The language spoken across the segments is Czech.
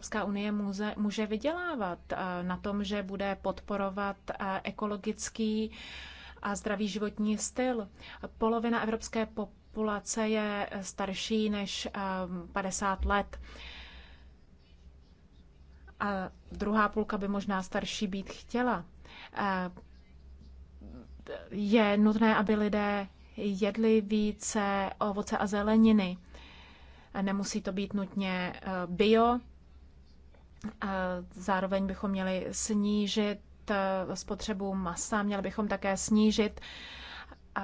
Evropská unie může, může vydělávat eh, na tom, že bude podporovat eh, ekologický eh, a zdravý životní styl. Polovina evropské populace je starší než 50 let. A druhá půlka by možná starší být chtěla. Je nutné, aby lidé jedli více ovoce a zeleniny. Nemusí to být nutně bio, Zároveň bychom měli snížit eh, spotřebu masa, měli bychom také snížit eh,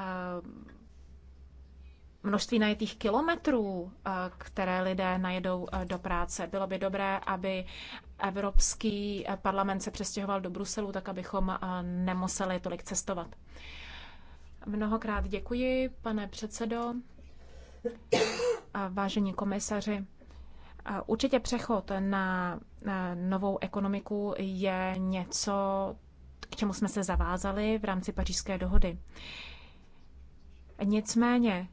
množství najetých kilometrů, eh, které lidé najedou do práce. Bylo by dobré, aby Evropský parlament se přestěhoval do Bruselu, tak abychom nemuseli tolik cestovat. Mnohokrát děkuji, pane předsedo, a vážení komisaři. Určitě přechod na novou ekonomiku je něco, k čemu jsme se zavázali v rámci pařížské dohody. Nicméně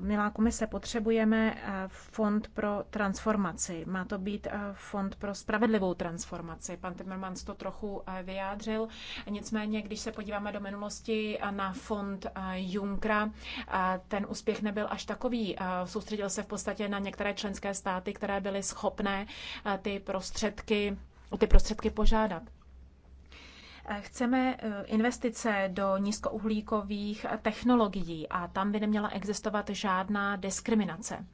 Milá komise, potřebujeme eh, fond pro transformaci. Má to být eh, fond pro spravedlivou transformaci. Pan Timmermans to trochu eh, vyjádřil. Nicméně, když se podíváme do minulosti na fond Junkra, ten úspěch nebyl až takový. Soustředil se v podstatě na některé členské státy, které byly schopné ty prostředky, ty prostředky požádat. Chceme eh, investice do nízkouhlíkových technologií a tam by neměla existovat žádná diskriminace.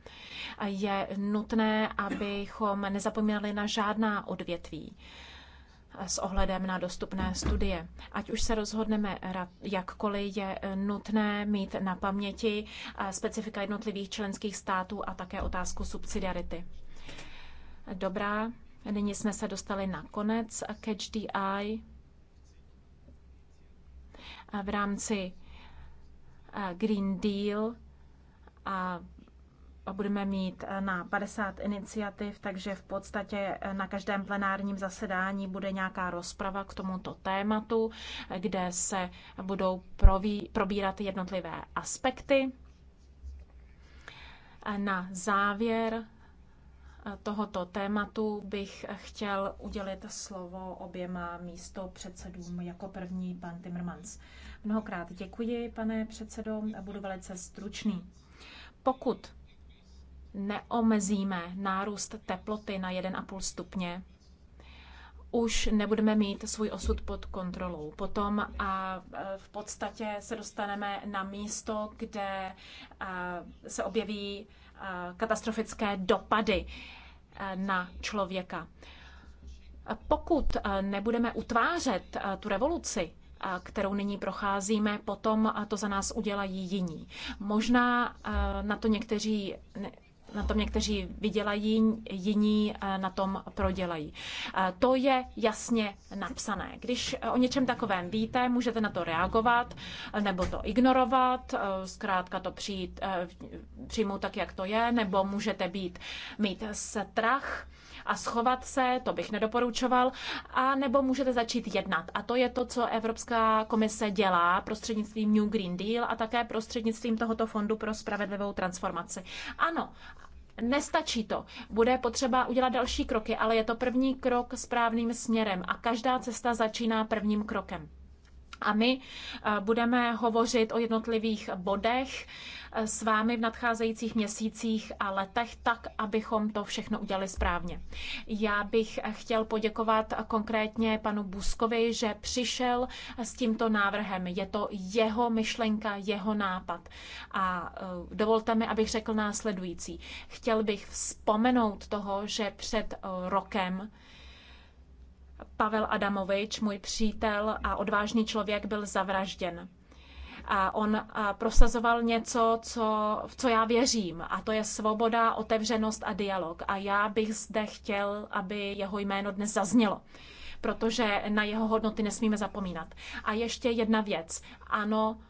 Je nutné, abychom nezapomínali na žádná odvětví s ohledem na dostupné studie. Ať už se rozhodneme jakkoliv, je eh, nutné mít na paměti eh, specifika jednotlivých členských států a také otázku subsidiarity. Dobrá, nyní jsme se dostali na konec Catch the Eye v rámci Green Deal a budeme mít na 50 iniciativ, takže v podstatě na každém plenárním zasedání bude nějaká rozprava k tomuto tématu, kde se budou probírat jednotlivé aspekty. Na závěr tohoto tématu bych chtěl udělit slovo oběma místo předsedům. Jako první pan Timmermans. Mnohokrát děkuji, pane předsedo, a budu velice stručný. Pokud neomezíme nárůst teploty na 1,5 stupně, už nebudeme mít svůj osud pod kontrolou. Potom a v podstatě se dostaneme na místo, kde se objeví katastrofické dopady e, na člověka. Pokud e, nebudeme utvářet e, tu revoluci, kterou nyní procházíme, potom to za nás udělají jiní. Možná na to někteří na tom někteří vydělají, jiní eh, na tom prodělají. Eh, to je jasně napsané. Když eh, o něčem takovém víte, můžete na to reagovat nebo to ignorovat, zkrátka to přijít, přijmout tak, jak to je, nebo můžete být, mít strach a schovat se, to bych nedoporučoval, a nebo můžete začít jednat. A to je to, co Evropská komise dělá prostřednictvím New Green Deal a také prostřednictvím tohoto fondu pro spravedlivou transformaci. Ano, Nestačí to. Bude potřeba udělat další kroky, ale je to první krok správným směrem a každá cesta začíná prvním krokem. A my eh, budeme hovořit o jednotlivých bodech eh, s vámi v nadcházejících měsících a letech, tak abychom to všechno udělali správně. Já bych eh, chtěl poděkovat konkrétně panu Buskovi, že přišel s tímto návrhem. Je to jeho myšlenka, jeho nápad. A dovolte mi, abych řekl následující. Chtěl bych vzpomenout toho, že před rokem Pavel Adamovič, můj přítel a odvážný člověk, byl zavražděn. A on prosazoval něco, co, v co já věřím, a to je svoboda, otevřenost a dialog. A já bych zde chtěl, aby jeho jméno dnes zaznělo protože na jeho hodnoty nesmíme zapomínat. A ještě jedna věc. Ano,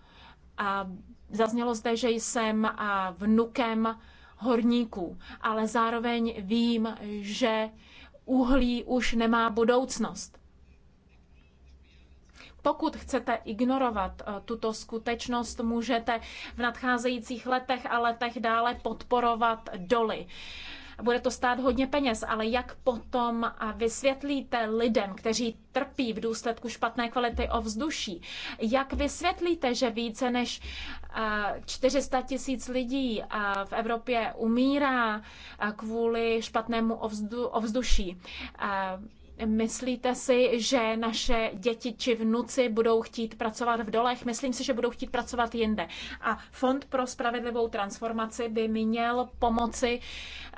a zaznělo zde, že jsem a vnukem horníků, ale zároveň vím, že uhlí už nemá budoucnost. Pokud chcete ignorovat eh, tuto skutečnost, můžete v nadcházejících letech a letech dále podporovat doly. Bude to stát hodně peněz, ale jak potom vysvětlíte lidem, kteří trpí v důsledku špatné kvality ovzduší, jak vysvětlíte, že více než 400 eh, tisíc lidí eh, v Evropě umírá eh, kvůli špatnému ovzduší? Myslíte si, že naše děti či vnuci budou chtít pracovat v dolech? Myslím si, že budou chtít pracovat jinde. A Fond pro spravedlivou transformaci by měl pomoci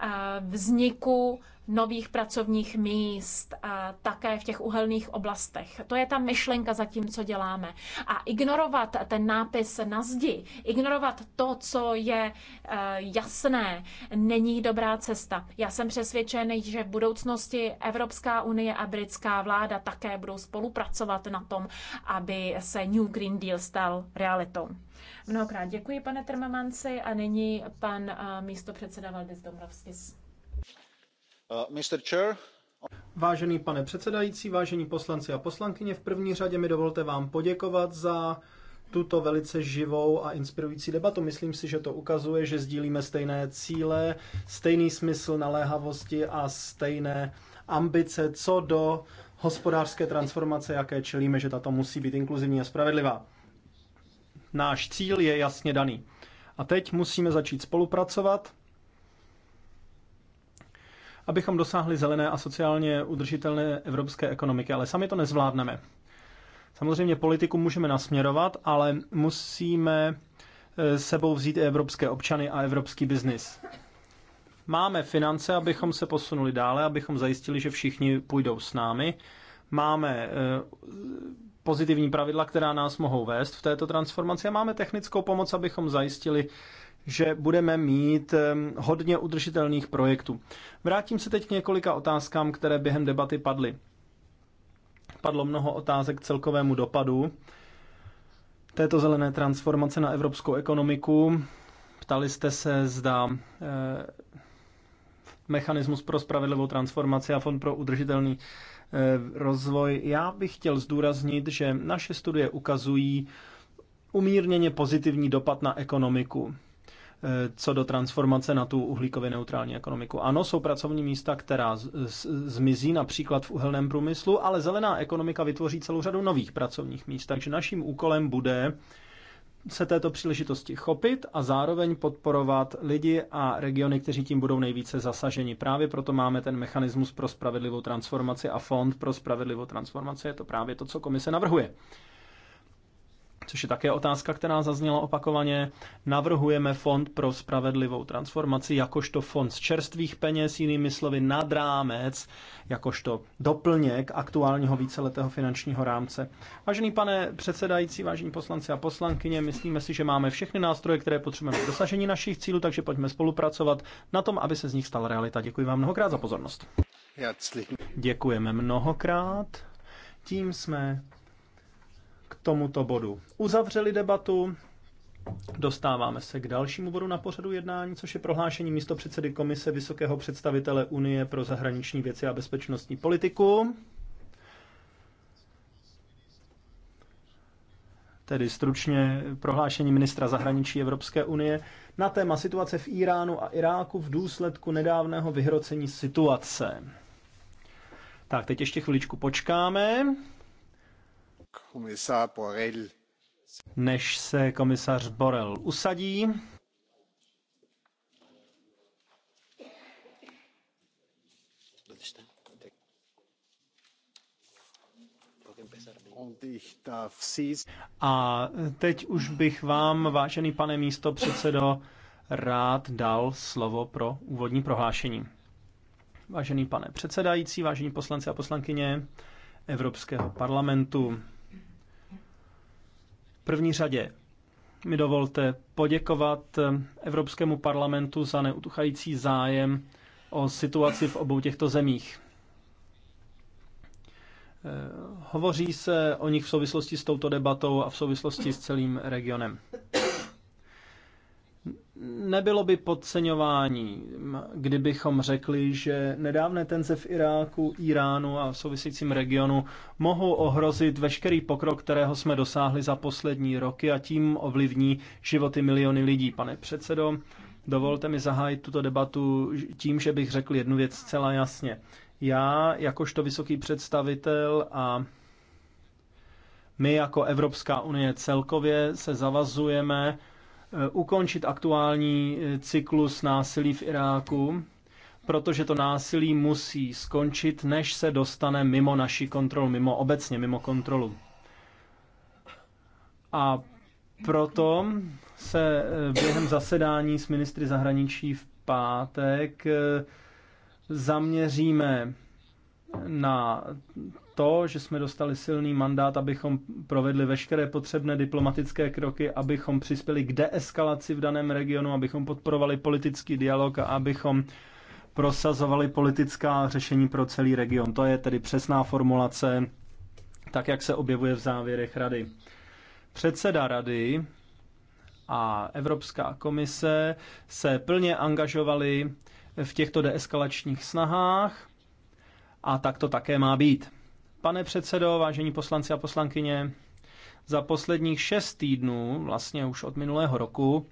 eh, vzniku nových pracovních míst také v těch uhelných oblastech. To je ta myšlenka za tím, co děláme. A ignorovat ten nápis na zdi, ignorovat to, co je eh, jasné, není dobrá cesta. Já jsem přesvědčen, že v budoucnosti Evropská unie a britská vláda také budou spolupracovat na tom, aby se New Green Deal stal realitou. Mnohokrát děkuji, pane Trmamanci, a nyní pan eh, místopředseda Valdis Dombrovskis. Uh, Vážený pane předsedající, vážení poslanci a poslankyně, v první řadě mi dovolte vám poděkovat za tuto velice živou a inspirující debatu. Myslím si, že to ukazuje, že sdílíme stejné cíle, stejný smysl naléhavosti a stejné ambice co do hospodářské transformace, jaké čelíme, že tato musí být inkluzivní a spravedlivá. Náš cíl je jasně daný. A teď musíme začít spolupracovat abychom dosáhli zelené a sociálně udržitelné evropské ekonomiky, ale sami to nezvládneme. Samozřejmě politiku můžeme nasměrovat, ale musíme e, sebou vzít i evropské občany a evropský biznis. Máme finance, abychom se posunuli dále, abychom zajistili, že všichni půjdou s námi. Máme e, pozitivní pravidla, která nás mohou vést v této transformaci a máme technickou pomoc, abychom zajistili že budeme mít hodně udržitelných projektů. Vrátím se teď k několika otázkám, které během debaty padly. Padlo mnoho otázek k celkovému dopadu této zelené transformace na evropskou ekonomiku. Ptali jste se, zda eh, mechanismus pro spravedlivou transformaci a fond pro udržitelný eh, rozvoj. Já bych chtěl zdůraznit, že naše studie ukazují umírněně pozitivní dopad na ekonomiku. Eh, co do transformace na tu uhlíkově neutrální ekonomiku. Ano, jsou pracovní místa, která zmizí například v uhelném průmyslu, ale zelená ekonomika vytvoří celou řadu nových pracovních míst, takže naším úkolem bude se této příležitosti chopit a zároveň podporovat lidi a regiony, kteří tím budou nejvíce zasaženi. Právě proto máme ten mechanismus pro spravedlivou transformaci a fond pro spravedlivou transformaci. Je to právě to, co komise navrhuje což je také otázka, která zazněla opakovaně, navrhujeme fond pro spravedlivou transformaci jakožto fond z čerstvých peněz, jinými slovy nad rámec, jakožto doplněk aktuálního víceletého finančního rámce. Vážený pane předsedající, vážení poslanci a poslankyně, myslíme si, že máme všechny nástroje, které potřebujeme k dosažení našich cílů, takže pojďme spolupracovat na tom, aby se z nich stala realita. Děkuji vám mnohokrát za pozornost. Děkujeme mnohokrát. Tím jsme tomuto bodu uzavřeli debatu. Dostáváme se k dalšímu bodu na pořadu jednání, což je prohlášení místo předsedy Komise Vysokého představitele Unie pro zahraniční věci a bezpečnostní politiku. Tedy stručně prohlášení ministra zahraničí Evropské unie na téma situace v Iránu a Iráku v důsledku nedávného vyhrocení situace. Tak, teď ještě chviličku počkáme. Než se komisař Borrell usadí, A teď už bych vám, vážený pane místo předsedo, rád dal slovo pro úvodní prohlášení. Vážený pane předsedající, vážení poslanci a poslankyně Evropského parlamentu, první řadě mi dovolte poděkovat eh, Evropskému parlamentu za neutuchající zájem o situaci v obou těchto zemích. Eh, hovoří se o nich v souvislosti s touto debatou a v souvislosti s celým regionem nebylo by podceňování, kdybychom řekli, že nedávné tenze v Iráku, Iránu a v souvisícím regionu mohou ohrozit veškerý pokrok, kterého jsme dosáhli za poslední roky a tím ovlivní životy miliony lidí. Pane předsedo, dovolte mi zahájit tuto debatu tím, že bych řekl jednu věc zcela jasně. Já, jakožto vysoký představitel a my jako Evropská unie celkově se zavazujeme, Eh, ukončit aktuální eh, cyklus násilí v Iráku, protože to násilí musí skončit, než se dostane mimo naši kontrolu, mimo obecně, mimo kontrolu. A proto se eh, během zasedání s ministry zahraničí v pátek zaměříme na to, že jsme dostali silný mandát, abychom provedli veškeré potřebné diplomatické kroky, abychom přispěli k deeskalaci v daném regionu, abychom podporovali politický dialog a abychom prosazovali politická řešení pro celý region. To je tedy přesná formulace, tak jak se objevuje v závěrech rady. Předseda rady a Evropská komise se plně angažovali v těchto deeskalačních snahách a tak to také má být. Pane předsedo, vážení poslanci a poslankyně, za posledních šest týdnů, vlastně už od minulého roku,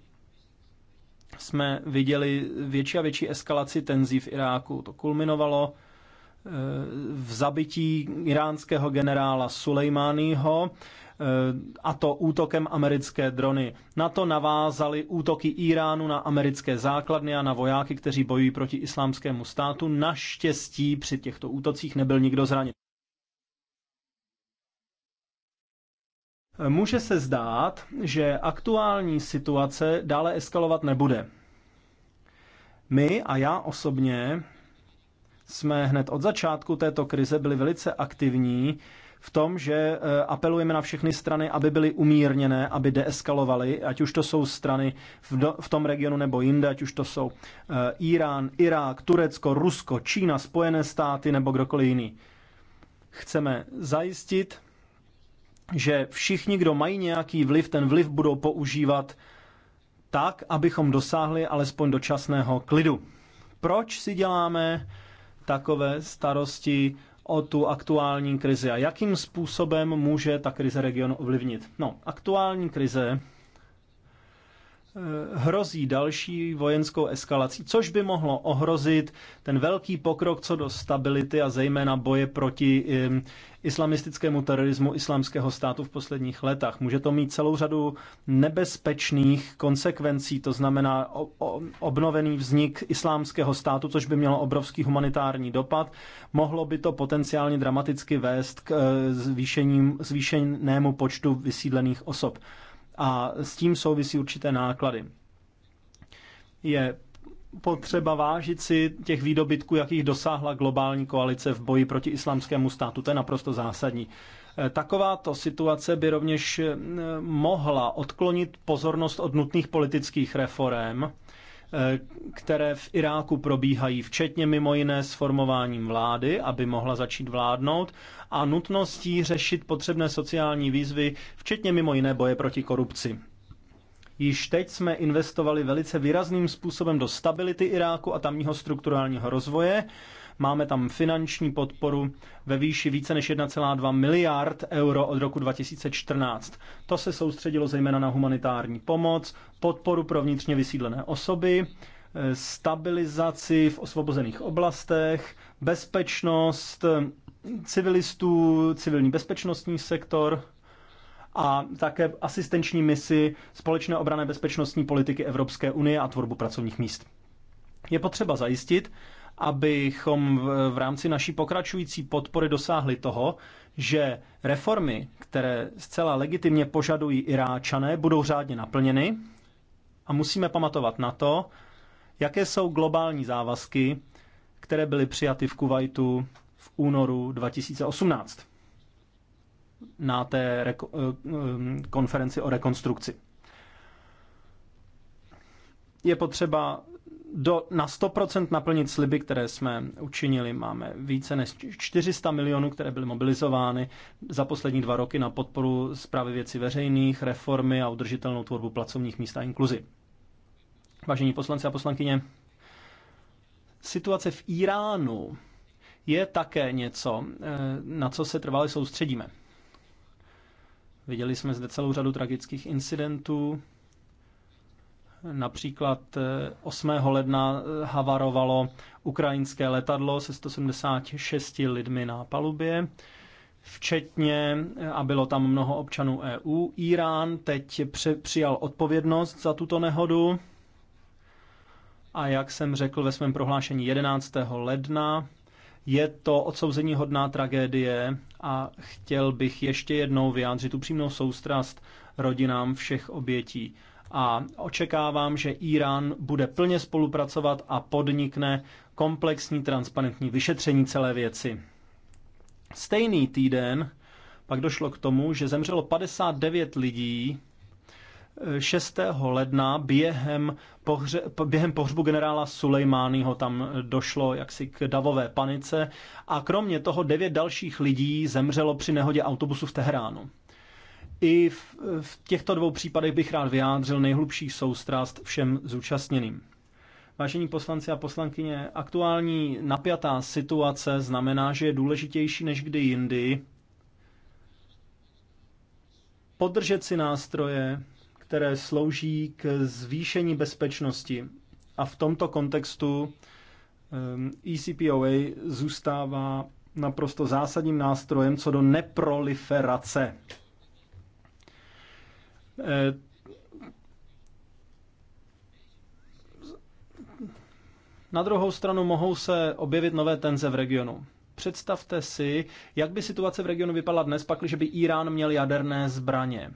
jsme viděli větší a větší eskalaci tenzí v Iráku. To kulminovalo eh, v zabití iránského generála Sulejmányho eh, a to útokem americké drony. Na to navázaly útoky Iránu na americké základny a na vojáky, kteří bojují proti islámskému státu. Naštěstí při těchto útocích nebyl nikdo zraněn. Může se zdát, že aktuální situace dále eskalovat nebude. My a já osobně jsme hned od začátku této krize byli velice aktivní v tom, že eh, apelujeme na všechny strany, aby byly umírněné, aby deeskalovaly, ať už to jsou strany v, do, v tom regionu nebo jinde, ať už to jsou eh, Irán, Irák, Turecko, Rusko, Čína, Spojené státy nebo kdokoliv jiný. Chceme zajistit, že všichni, kdo mají nějaký vliv, ten vliv budou používat tak, abychom dosáhli alespoň dočasného klidu. Proč si děláme takové starosti o tu aktuální krizi a jakým způsobem může ta krize region ovlivnit? No, aktuální krize Eh, hrozí další vojenskou eskalací, což by mohlo ohrozit ten velký pokrok co do stability a zejména boje proti islamistickému terorismu islámského státu v posledních letech. Může to mít celou řadu nebezpečných konsekvencí, to znamená obnovený vznik islámského státu, což by mělo obrovský humanitární dopad. Mohlo by to potenciálně dramaticky vést k eh, zvýšenému počtu vysídlených osob a s tím souvisí určité náklady. Je potřeba vážit si těch výdobytků, jakých dosáhla globální koalice v boji proti islamskému státu. To je naprosto zásadní. E, takováto situace by rovněž e, mohla odklonit pozornost od nutných politických reform Eh, které v Iráku probíhají, včetně mimo jiné s formováním vlády, aby mohla začít vládnout, a nutností řešit potřebné sociální výzvy, včetně mimo jiné boje proti korupci. Již teď jsme investovali velice výrazným způsobem do stability Iráku a tamního strukturálního rozvoje Máme tam finanční podporu ve výši více než 1,2 miliard euro od roku 2014. To se soustředilo zejména na humanitární pomoc, podporu pro vnitřně vysídlené osoby, stabilizaci v osvobozených oblastech, bezpečnost civilistů, civilní bezpečnostní sektor, a také asistenční misi společné obrané bezpečnostní politiky Evropské unie a tvorbu pracovních míst. Je potřeba zajistit, abychom v rámci naší pokračující podpory dosáhli toho, že reformy, které zcela legitimně požadují Iráčané, budou řádně naplněny a musíme pamatovat na to, jaké jsou globální závazky, které byly přijaty v Kuwaitu v únoru 2018 na té eh, mm, konferenci o rekonstrukci. Je potřeba do, na 100% naplnit sliby, které jsme učinili. Máme více než 400 milionů, které byly mobilizovány za poslední dva roky na podporu zprávy věcí veřejných, reformy a udržitelnou tvorbu pracovních míst a inkluzi. Vážení poslanci a poslankyně, situace v Iránu je také něco, eh, na co se trvale soustředíme. Viděli jsme zde celou řadu tragických incidentů, Například 8. Eh, ledna eh, havarovalo ukrajinské letadlo se 176 lidmi na palubě, včetně, eh, a bylo tam mnoho občanů EU. Irán teď přijal odpovědnost za tuto nehodu a jak jsem řekl ve svém prohlášení 11. ledna, je to odsouzení hodná tragédie a chtěl bych ještě jednou vyjádřit upřímnou soustrast rodinám všech obětí a očekávám, že Irán bude plně spolupracovat a podnikne komplexní transparentní vyšetření celé věci. Stejný týden pak došlo k tomu, že zemřelo 59 lidí 6. Eh, ledna během, pohře, během pohřbu generála Sulejmányho tam eh, došlo jaksi k davové panice a kromě toho devět dalších lidí zemřelo při nehodě autobusu v Tehránu. I v, v těchto dvou případech bych rád vyjádřil nejhlubší soustrast všem zúčastněným. Vážení poslanci a poslankyně, aktuální napjatá situace znamená, že je důležitější než kdy jindy podržet si nástroje, které slouží k zvýšení bezpečnosti. A v tomto kontextu ECPOA ehm, e zůstává naprosto zásadním nástrojem co do neproliferace. Eh, na druhou stranu mohou se objevit nové tenze v regionu. Představte si, jak by situace v regionu vypadala dnes, pakliže by Irán měl jaderné zbraně.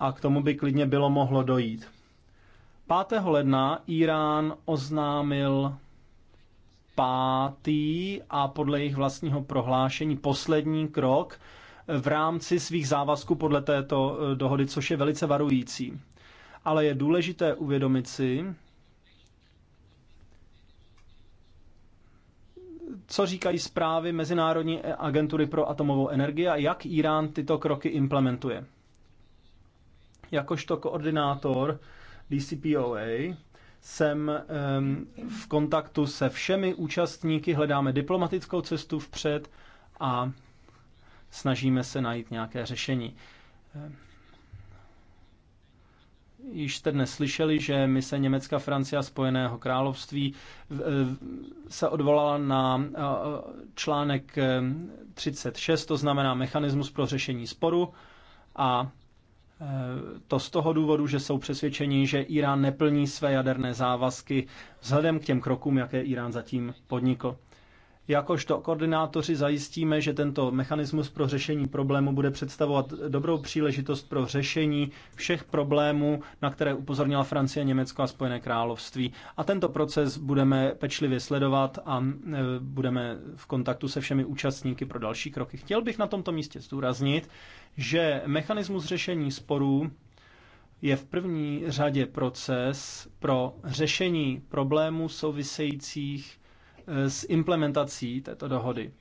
A k tomu by klidně bylo mohlo dojít. 5. ledna Irán oznámil pátý a podle jejich vlastního prohlášení poslední krok v rámci svých závazků podle této eh, dohody, což je velice varující. Ale je důležité uvědomit si, co říkají zprávy Mezinárodní agentury pro atomovou energii a jak Irán tyto kroky implementuje. Jakožto koordinátor DCPOA jsem v kontaktu se všemi účastníky, hledáme diplomatickou cestu vpřed a snažíme se najít nějaké řešení. Eh, již jste dnes slyšeli, že mise Německa, Francie a Spojeného království eh, se odvolala na eh, článek 36, to znamená mechanismus pro řešení sporu a to z toho důvodu, že jsou přesvědčeni, že Irán neplní své jaderné závazky vzhledem k těm krokům, jaké Irán zatím podnikl. Jakožto koordinátoři zajistíme, že tento mechanismus pro řešení problému bude představovat dobrou příležitost pro řešení všech problémů, na které upozornila Francie, Německo a Spojené království. A tento proces budeme pečlivě sledovat a e, budeme v kontaktu se všemi účastníky pro další kroky. Chtěl bych na tomto místě zdůraznit, že mechanismus řešení sporů je v první řadě proces pro řešení problémů souvisejících Eh, s implementací této dohody.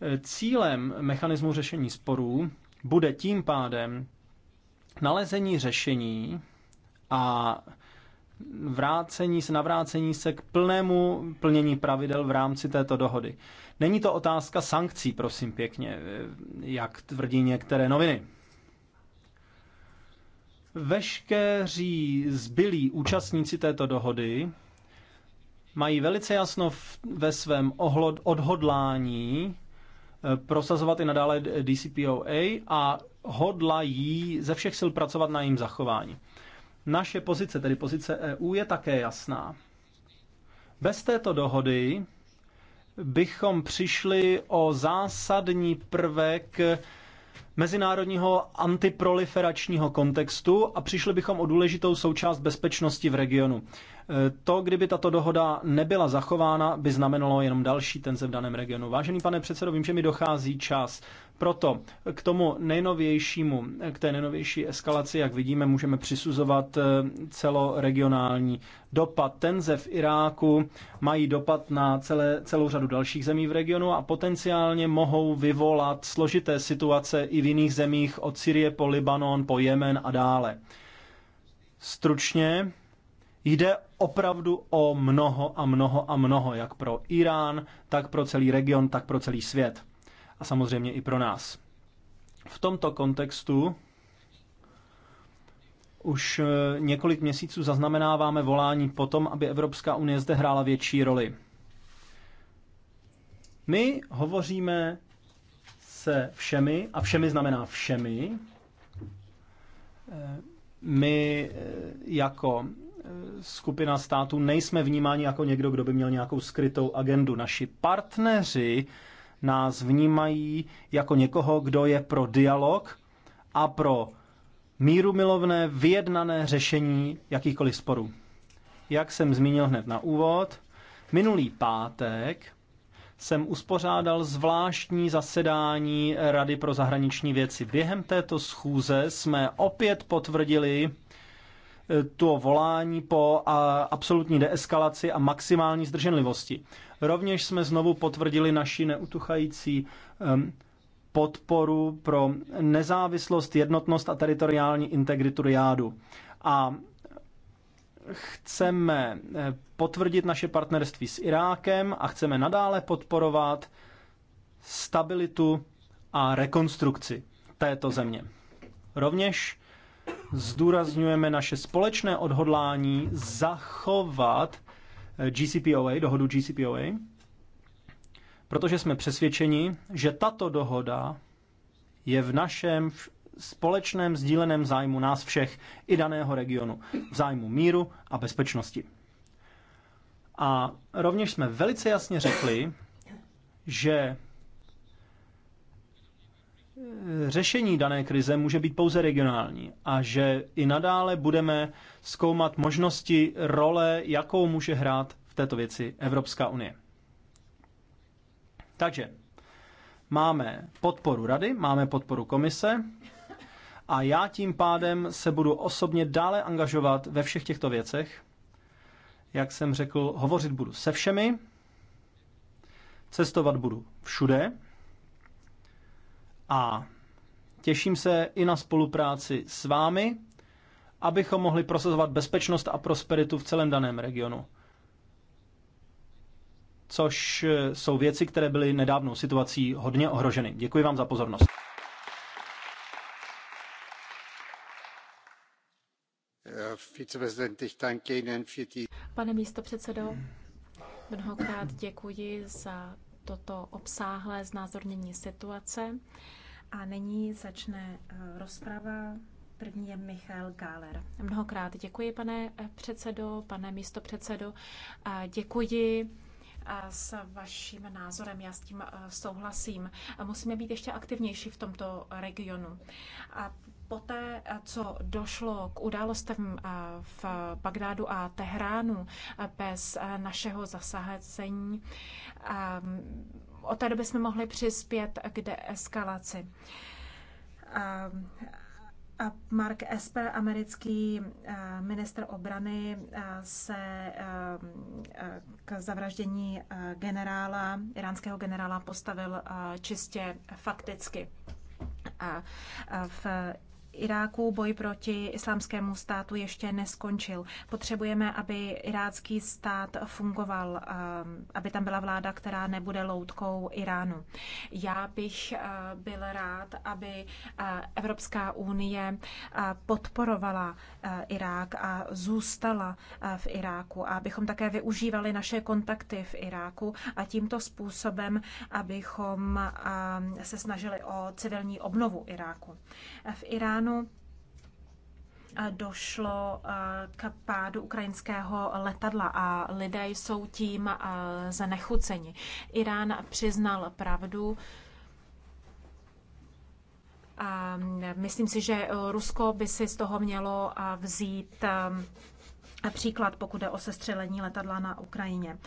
Eh, cílem mechanismu řešení sporů bude tím pádem nalezení řešení a vrácení se, navrácení se k plnému plnění pravidel v rámci této dohody. Není to otázka sankcí, prosím pěkně, eh, jak tvrdí některé noviny. Veškeří zbylí účastníci této dohody mají velice jasno ve svém ohlod, odhodlání eh, prosazovat i nadále DCPOA a hodlají ze všech sil pracovat na jejím zachování. Naše pozice, tedy pozice EU, je také jasná. Bez této dohody bychom přišli o zásadní prvek mezinárodního antiproliferačního kontextu a přišli bychom o důležitou součást bezpečnosti v regionu. To, kdyby tato dohoda nebyla zachována, by znamenalo jenom další tenze v daném regionu. Vážený pane předsedo, vím, že mi dochází čas. Proto k tomu nejnovějšímu, k té nejnovější eskalaci, jak vidíme, můžeme přisuzovat eh, celoregionální dopad. Tenze v Iráku mají dopad na celé, celou řadu dalších zemí v regionu a potenciálně mohou vyvolat složité situace i v jiných zemích od Syrie po Libanon, po Jemen a dále. Stručně Jde opravdu o mnoho a mnoho a mnoho, jak pro Irán, tak pro celý region, tak pro celý svět. A samozřejmě i pro nás. V tomto kontextu už e, několik měsíců zaznamenáváme volání potom, aby Evropská unie zde hrála větší roli. My hovoříme se všemi, a všemi znamená všemi, e, my e, jako skupina států nejsme vnímáni jako někdo, kdo by měl nějakou skrytou agendu. Naši partneři nás vnímají jako někoho, kdo je pro dialog a pro mírumilovné vyjednané řešení jakýchkoliv sporů. Jak jsem zmínil hned na úvod, minulý pátek jsem uspořádal zvláštní zasedání Rady pro zahraniční věci. Během této schůze jsme opět potvrdili to volání po absolutní deeskalaci a maximální zdrženlivosti. Rovněž jsme znovu potvrdili naši neutuchající podporu pro nezávislost, jednotnost a teritoriální integritu Riádu. A chceme eh, potvrdit naše partnerství s Irákem a chceme nadále podporovat stabilitu a rekonstrukci této země. Rovněž zdůrazňujeme naše společné odhodlání zachovat eh, GCPOA, dohodu GCPOA, protože jsme přesvědčeni, že tato dohoda je v našem společném sdíleném zájmu nás všech i daného regionu, v zájmu míru a bezpečnosti. A rovněž jsme velice jasně řekli, že řešení dané krize může být pouze regionální a že i nadále budeme zkoumat možnosti, role, jakou může hrát v této věci Evropská unie. Takže máme podporu rady, máme podporu komise a já tím pádem se budu osobně dále angažovat ve všech těchto věcech. Jak jsem řekl, hovořit budu se všemi, cestovat budu všude, a těším se i na spolupráci s vámi, abychom mohli prosazovat bezpečnost a prosperitu v celém daném regionu. Což eh, jsou věci, které byly nedávnou situací hodně ohroženy. Děkuji vám za pozornost. Pane předsedo, mnohokrát děkuji za toto obsáhlé znázornění situace. A nyní začne eh, rozprava. První je Michal Gáler. Mnohokrát děkuji, pane eh, předsedo, pane místopředsedo. Děkuji eh, s vaším názorem, já s tím souhlasím. Musíme být ještě aktivnější v tomto regionu. A Poté, eh, co došlo k událostem eh, v Bagdádu a Tehránu eh, bez našeho zasahacení, od té doby jsme mohli přispět k deeskalaci. A Mark Esper, americký minister obrany, se k zavraždění generála, iránského generála postavil čistě fakticky. A v Iráku boj proti islámskému státu ještě neskončil. Potřebujeme, aby irácký stát fungoval, ehm, aby tam byla vláda, která nebude loutkou Iránu. Já bych eh, byl rád, aby eh, Evropská unie eh, podporovala Irák a zůstala v Iráku a abychom také využívali naše kontakty v Iráku a tímto způsobem, abychom ehm, se snažili o civilní obnovu Iráku. V Iránu ráno došlo eh, k pádu ukrajinského letadla a lidé jsou tím eh, znechuceni. Irán přiznal pravdu. A myslím si, že Rusko by si z toho mělo eh, vzít Například pokud jde o sestřelení letadla na Ukrajině.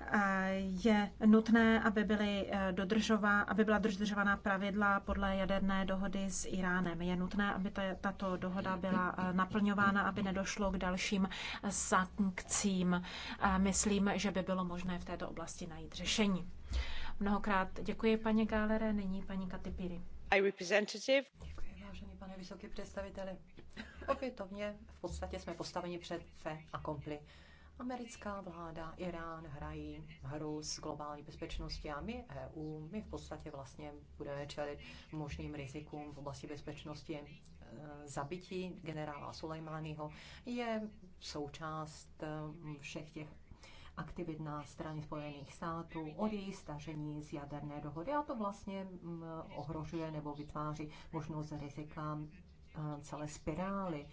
Eh, je nutné, aby, byly eh, dodržová, aby byla dodržována pravidla podle jaderné dohody s Iránem. Je nutné, aby tato dohoda byla eh, naplňována, aby nedošlo k dalším sankcím. Myslím, že by bylo možné v této oblasti najít řešení. Mnohokrát děkuji, paní Gálere. Nyní paní Katipiri. Děkuji vážený pane vysoký představiteli. Opětovně v podstatě jsme postaveni před fe a kompli. Americká vláda, Irán hrají hru s globální bezpečností a my EU, my v podstatě vlastně budeme čelit možným rizikům v oblasti bezpečnosti. E, zabití generála Sulejmányho je součást e, všech těch aktivit na straně Spojených států, od její stažení z jaderné dohody a to vlastně mm, ohrožuje nebo vytváří možnost rizika eh, celé spirály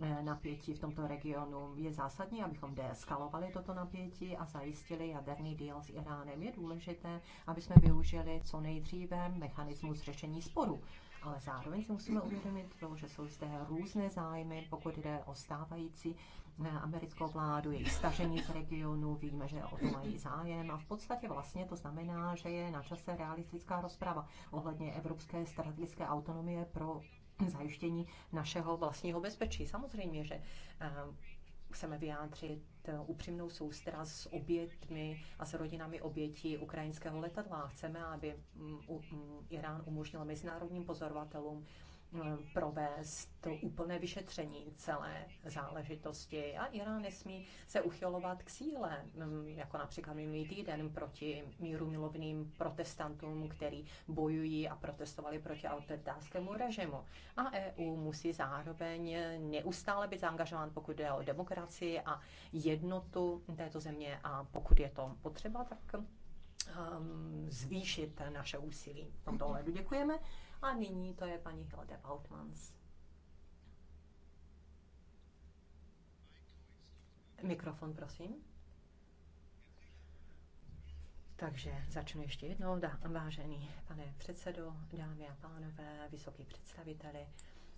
eh, napětí v tomto regionu. Je zásadní, abychom deeskalovali toto napětí a zajistili jaderný díl s Iránem. Je důležité, aby jsme využili co nejdříve mechanismus řešení sporu, Ale zároveň si musíme uvědomit to, že jsou zde různé zájmy, pokud jde o stávající americkou vládu, její stažení z regionu, víme, že o to mají zájem a v podstatě vlastně to znamená, že je na čase realistická rozprava ohledně evropské strategické autonomie pro zajištění našeho vlastního bezpečí. Samozřejmě, že ehm, chceme vyjádřit eh, upřímnou soustrast s obětmi a s rodinami obětí ukrajinského letadla. Chceme, aby mm, mm, Irán umožnil mezinárodním pozorovatelům Eh, provést to úplné vyšetření celé záležitosti. A Irán nesmí se uchylovat k síle, mm, jako například minulý týden proti míru milovným protestantům, který bojují a protestovali proti autoritářskému režimu. A EU musí zároveň neustále být zaangažován, pokud jde o demokracii a jednotu této země a pokud je to potřeba, tak um, zvýšit naše úsilí. V tomto mhm. ohledu děkujeme. A nyní to je paní Hilde Pautmans. Mikrofon, prosím. Takže začnu ještě jednou. vážený pane předsedo, dámy a pánové, vysoký představiteli,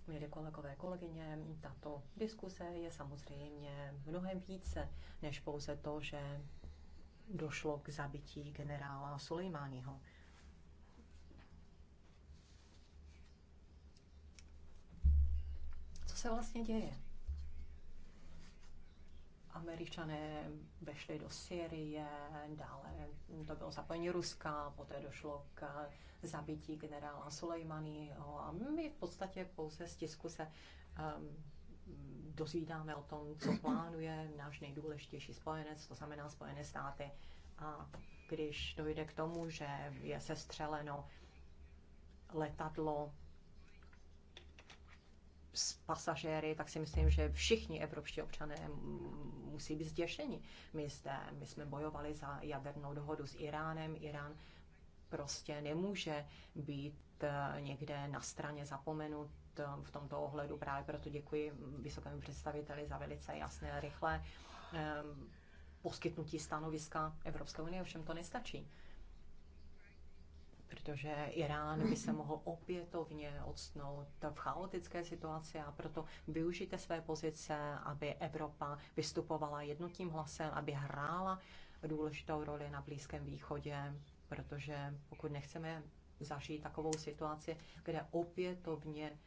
milí kolegové, kolegyně, tato diskuse je samozřejmě mnohem více než pouze to, že došlo k zabití generála Soleimányho. Co se vlastně děje? Američané vešli do Syrie, dále to bylo zapojení Ruska, poté došlo k zabití generála Soleimanyho a my v podstatě pouze z tisku se um, dozvídáme o tom, co plánuje náš nejdůležitější spojenec, to znamená Spojené státy. A když dojde k tomu, že je sestřeleno letadlo s pasažéry, tak si myslím, že všichni evropští občané musí být zděšeni. My, zde, my jsme bojovali za jadernou dohodu s Iránem. Irán prostě nemůže být Eh, někde na straně zapomenut eh, v tomto ohledu. Právě proto děkuji vysokému představiteli za velice jasné, rychlé eh, poskytnutí stanoviska Evropské unie, ovšem to nestačí. Protože Irán by se mohl opětovně odstnout v chaotické situaci a proto využijte své pozice, aby Evropa vystupovala jednotným hlasem, aby hrála důležitou roli na Blízkém východě, protože pokud nechceme zažít takovou situaci, kde opětovně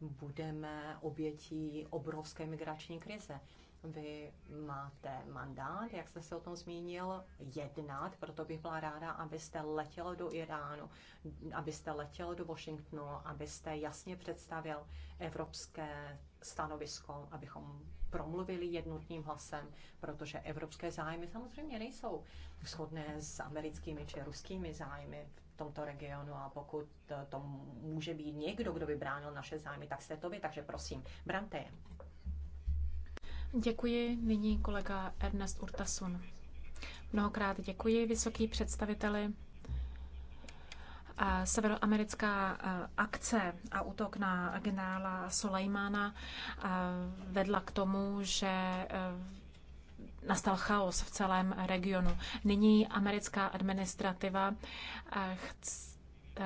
budeme obětí obrovské migrační krize. Vy máte mandát, jak jste se o tom zmínil, jednat, proto bych byla ráda, abyste letěl do Iránu, abyste letěl do Washingtonu, abyste jasně představil evropské stanovisko, abychom promluvili jednotným hlasem, protože evropské zájmy samozřejmě nejsou shodné s americkými či ruskými zájmy v tomto regionu a pokud eh, to může být někdo, kdo by bránil naše zájmy, tak jste to vy, takže prosím, brante je. Děkuji. Nyní kolega Ernest Urtasun. Mnohokrát děkuji, vysoký představiteli. Eh, severoamerická eh, akce a útok na generála Soleimana vedla k tomu, že nastal chaos v celém regionu. Nyní americká administrativa eh, eh,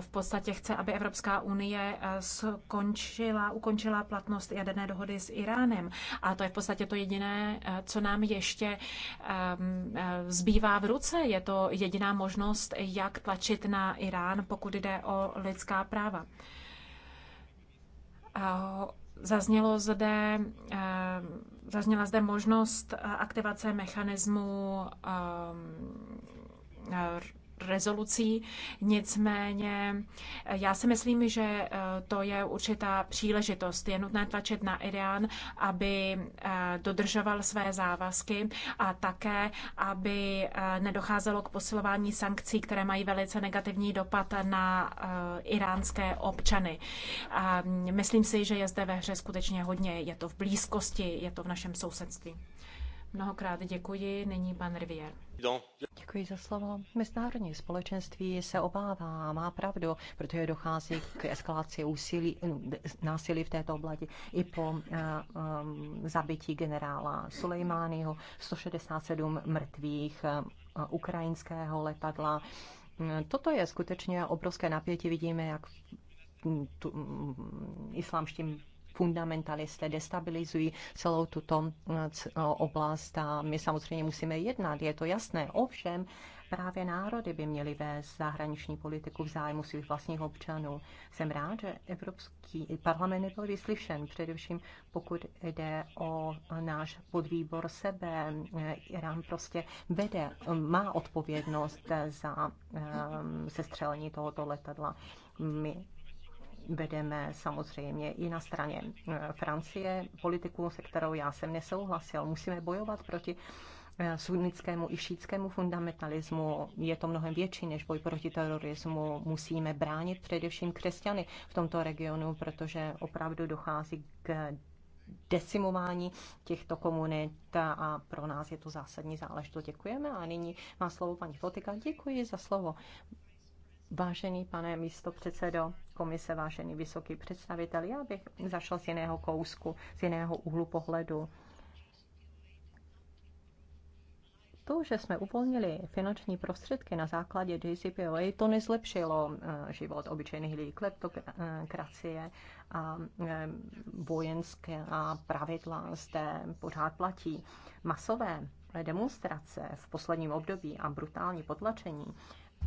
v podstatě chce, aby Evropská unie eh, skončila, ukončila platnost jaderné dohody s Iránem. A to je v podstatě to jediné, co nám ještě ehm, zbývá v ruce. Je to jediná možnost, jak tlačit na Irán, pokud jde o lidská práva. Zaznělo zde ehm, Zazněla zde možnost eh, aktivace mechanismu ehm, eh, rezolucí. Nicméně eh, já si myslím, že eh, to je určitá příležitost. Je nutné tlačit na Irán, aby eh, dodržoval své závazky a také, aby nedocházelo k posilování sankcí, které mají velice negativní dopad na iránské občany. A myslím si, že je zde ve hře skutečně hodně. Je to v blízkosti, je to v našem sousedství. Mnohokrát děkuji. Nyní pan Rivière. Děkuji za slovo. Mezinárodní společenství se obává, má pravdu, protože dochází k eskalaci úsilí, násilí v této oblasti i po um, zabití generála Sulejmányho, 167 mrtvých eh, ukrajinského letadla. Toto je skutečně obrovské napětí. Vidíme, jak tu, mm, islámští fundamentalisté destabilizují celou tuto eh, eh, oblast a my samozřejmě musíme jednat, je to jasné. Ovšem, Právě národy by měly vést zahraniční politiku v zájmu svých vlastních občanů. Jsem rád, že Evropský parlament nebyl vyslyšen, především pokud jde o náš podvýbor sebe. Eh, Irán prostě vede, má odpovědnost za sestřelení tohoto letadla. My vedeme samozřejmě i na straně eh, Francie, politiku, se kterou já jsem nesouhlasil. Musíme bojovat proti eh, sunnickému i šítskému fundamentalismu. Je to mnohem větší než boj proti terorismu. Musíme bránit především křesťany v tomto regionu, protože opravdu dochází k decimování těchto komunit a pro nás je to zásadní záležitost. Děkujeme a nyní má slovo paní Fotika. Děkuji za slovo. Vážený pane místo předsedo komise, vážený vysoký představitel, já bych zašla z jiného kousku, z jiného úhlu pohledu. To, že jsme uvolnili finanční prostředky na základě JCPOA, to nezlepšilo eh, život obyčejných lidí, kleptokracie a eh, vojenské pravidla zde pořád platí. Masové demonstrace v posledním období a brutální potlačení